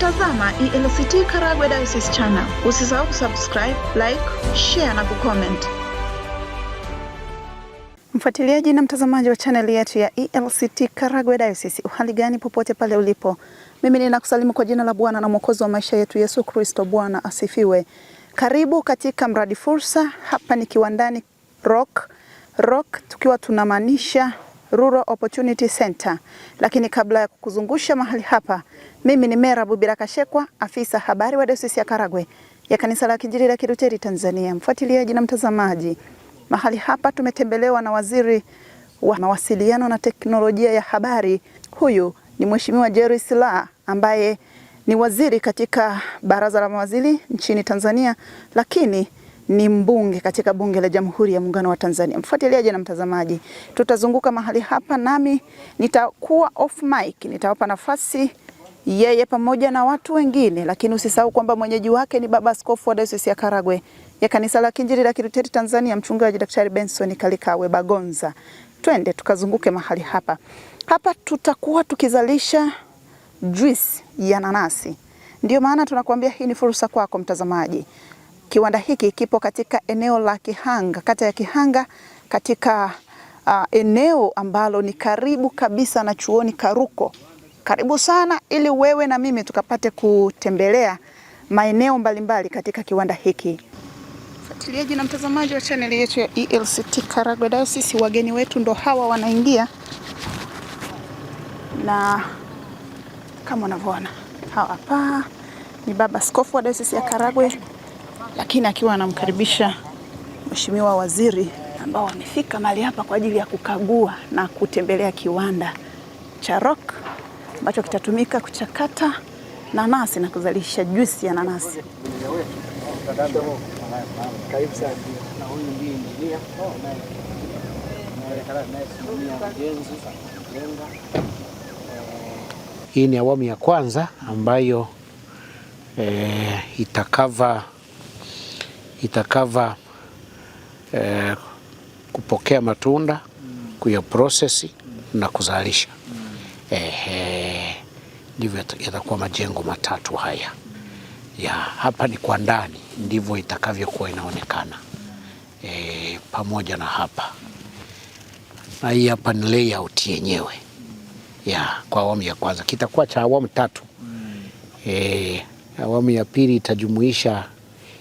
Unatazama ELCT Karagwe Diocese Channel. Usisahau kusubscribe, like, share na kucomment. Mfuatiliaji na mtazamaji wa chaneli yetu ya ELCT Karagwe Diocese, uhali gani popote pale ulipo, mimi ninakusalimu kwa jina la Bwana na Mwokozi wa maisha yetu Yesu Kristo. Bwana asifiwe. Karibu katika mradi Fursa. Hapa ni kiwandani Rock Rock, tukiwa tunamaanisha Rural Opportunity Center. Lakini kabla ya kukuzungusha mahali hapa, mimi ni Bubira Kashekwa, afisa habari wa Dayosisi ya Karagwe ya Kanisa la Kiinjili la Kilutheri Tanzania. Mfuatiliaji na mtazamaji, mahali hapa tumetembelewa na Waziri wa Mawasiliano na Teknolojia ya Habari. Huyu ni Mheshimiwa Jerry Silaa ambaye ni waziri katika Baraza la Mawaziri nchini Tanzania, lakini ni mbunge katika bunge la Jamhuri ya Muungano wa Tanzania. Mfuatiliaji na mtazamaji, tutazunguka mahali hapa nami nitakuwa off mic, nitawapa nafasi yeye pamoja na watu wengine, lakini usisahau kwamba mwenyeji wake ni Baba Askofu wa Dayosisi ya Karagwe ya Kanisa la Kiinjili la Kilutheri Tanzania, Mchungaji Daktari Benson Kalikawe Bagonza. Twende tukazunguke mahali hapa. Hapa tutakuwa tukizalisha juisi ya nanasi, ndio maana tunakuambia hii ni fursa kwako mtazamaji. Kiwanda hiki kipo katika eneo la Kihanga, kata ya Kihanga katika uh, eneo ambalo ni karibu kabisa na chuoni Karuko, karibu sana, ili wewe na mimi tukapate kutembelea maeneo mbalimbali katika kiwanda hiki. Mfuatiliaji na mtazamaji wa chaneli yetu ya ELCT Karagwe Diocese, wageni wetu ndo hawa wanaingia, na kama unavyoona hawa hapa ni baba askofu wa Diocese ya Karagwe lakini akiwa anamkaribisha Mheshimiwa Waziri ambao wamefika mahali hapa kwa ajili ya kukagua na kutembelea kiwanda cha Rock ambacho kitatumika kuchakata nanasi na kuzalisha juisi ya nanasi. Hii ni awamu ya kwanza ambayo eh, itakava itakava eh, kupokea matunda kuyaprosesi na kuzalisha ndivyo eh, yatakuwa majengo matatu haya ya hapa ni kwa ndani, ndivyo itakavyokuwa inaonekana eh, pamoja na hapa na hii hapa ni layout yenyewe ya kwa awamu ya kwanza, kitakuwa cha awamu tatu. eh, awamu ya pili itajumuisha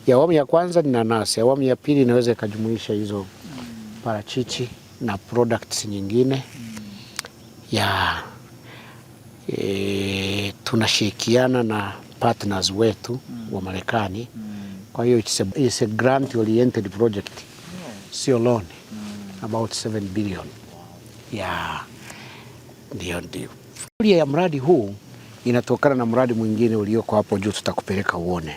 ya awamu ya kwanza ni nanasi, awamu ya pili inaweza ikajumuisha hizo parachichi na products nyingine ya e, tunashirikiana na partners wetu wa Marekani. Kwa hiyo it's a, it's a grant oriented project, sio loan, about 7 billion ya ndio ndio ya mradi huu inatokana na mradi mwingine ulioko hapo juu, tutakupeleka uone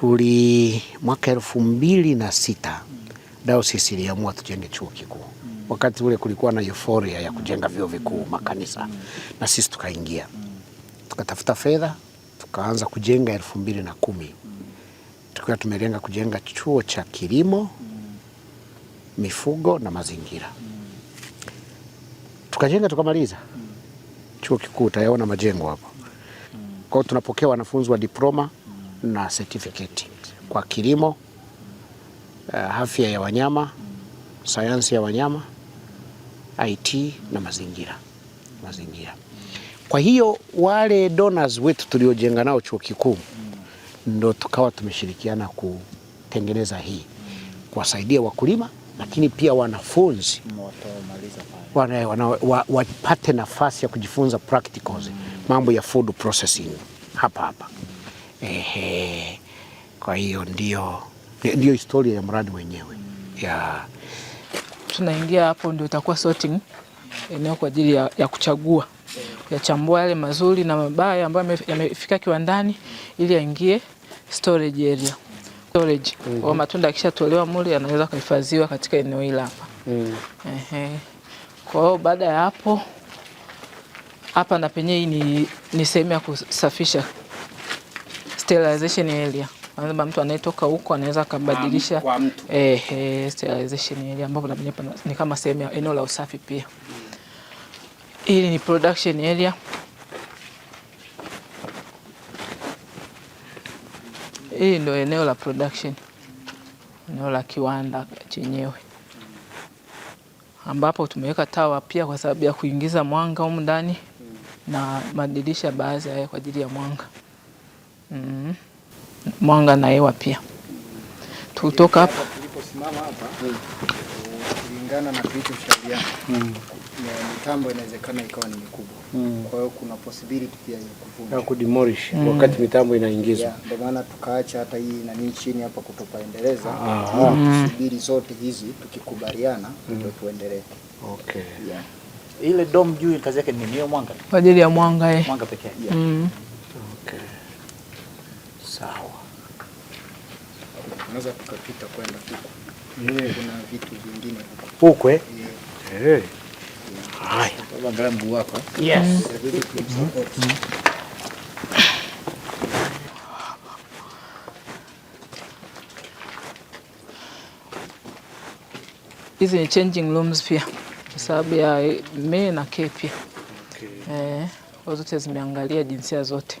tuli mwaka elfu mbili na sita dayosisi iliamua tujenge chuo kikuu. Wakati ule kulikuwa na euforia ya kujenga vyuo vikuu makanisa, na sisi tukaingia, tukatafuta fedha, tukaanza kujenga elfu mbili na kumi tukiwa tumelenga kujenga chuo cha kilimo, mifugo na mazingira. Tukajenga tukamaliza chuo kikuu, utayaona majengo hapo. kwao. tunapokea wanafunzi wa diploma na certificate kwa kilimo, eh, afya ya wanyama, sayansi ya wanyama, IT na mazingira mazingira. Kwa hiyo wale donors wetu tuliojenga nao chuo kikuu ndo tukawa tumeshirikiana kutengeneza hii, kuwasaidia wakulima lakini pia wanafunzi wana, wana, wa, wapate nafasi ya kujifunza practicals, mambo ya food processing hapa hapa. Ehe, kwa hiyo ndio ndio historia ya mradi wenyewe ya Tunaingia hapo ndio itakuwa sorting eneo kwa ajili ya, ya kuchagua yachambua yale mazuri na mabaya ambayo yamefika kiwandani ili yaingie storage area storage. Mm -hmm. Matunda akishatolewa mule yanaweza kuhifadhiwa katika eneo hili hapa. Mm. Ehe. Kwa hiyo baada ya hapo hapa na penye hii ni, ni sehemu ya kusafisha sterilization area lazima mtu anayetoka huko anaweza akabadilisha eh, eh, sterilization area ambapo ni kama sehemu ya eneo la usafi pia. Hili ni production area. Hili ndio eneo la production, eneo la kiwanda chenyewe ambapo tumeweka tawa pia kwa sababu ya kuingiza mwanga humu ndani na madirisha baadhi haya kwa ajili ya mwanga mm. mwanga na hewa pia. Tutoka hapa tuliposimama hapa, kulingana na kilichoshauriana, mitambo inawezekana ikawa ni mikubwa, mm. kwa hiyo kuna possibility pia ya kuvunja na kudemolish mm. wakati mitambo inaingizwa. Ndio maana tukaacha hata hii na nini chini hapa kutopaendeleza, tusubiri ah. mm. zote hizi tukikubaliana, ndio tuendelee. Okay, ile dom juu kazi yake ni mwanga, kwa ajili ya mwanga, eh, mwanga pekee. Okay sawa. Unaweza tukapita kwenda huko. Yeah. Kuna vitu vingine huko. Huko eh? Yeah. Hey. Haya. Angalia wako. Yes. Hizi ni changing rooms pia kwa sababu ya me na ke pia. Okay. Eh, zote zimeangalia jinsia zote.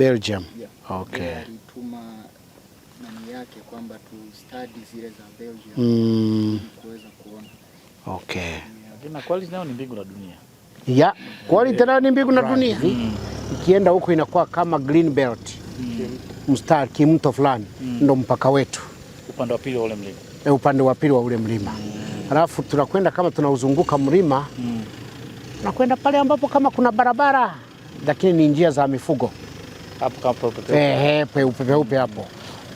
Belgium. Yeah. Okay. Alituma nani yake kwamba tu study zile za Belgium mm. kuweza kuona. Okay. Na quality nayo ni mbingu na dunia. Ya, quality nayo ni mbingu na dunia. Mm. Ikienda huko inakuwa kama green belt. Mm. Mstari kimto fulani mm. ndo mpaka wetu. Upande wa pili wa ule mlima. E, upande wa pili wa ule mlima. Mm. Alafu mm. tunakwenda kama tunauzunguka mlima. Mm. Tunakwenda pale ambapo kama kuna barabara lakini ni njia za mifugo hapo peupe eh, eh, peupe hapo,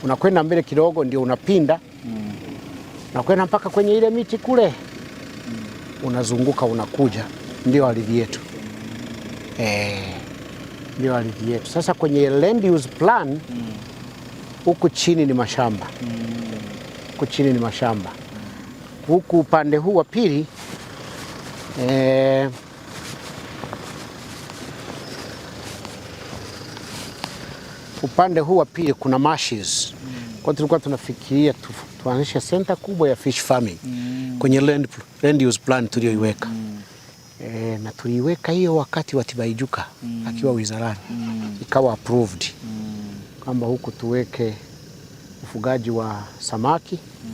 unakwenda mbele kidogo, ndio unapinda mm. unakwenda mpaka kwenye ile miti kule mm. unazunguka, unakuja, ndio ardhi yetu eh, ndio ardhi yetu. Sasa kwenye land use plan huku mm. chini ni mashamba huku mm. chini ni mashamba huku upande huu wa pili eh, upande huu wa pili kuna marshes. Mm. Kwa tulikuwa tunafikiria tu, tuanishe center kubwa ya fish farming mm. kwenye land, land use plan tuliyoiweka mm. E, na tuliiweka hiyo wakati wa Tibaijuka mm. akiwa wizarani mm. ikawa approved mm. kwamba huku tuweke ufugaji wa samaki mm.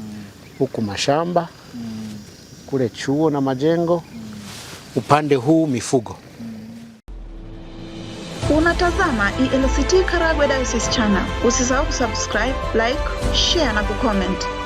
huku mashamba mm. kule chuo na majengo mm. upande huu mifugo Tazama ELCT Karagwe Diocese Channel. Usisahau kusubscribe, like, share na kucomment.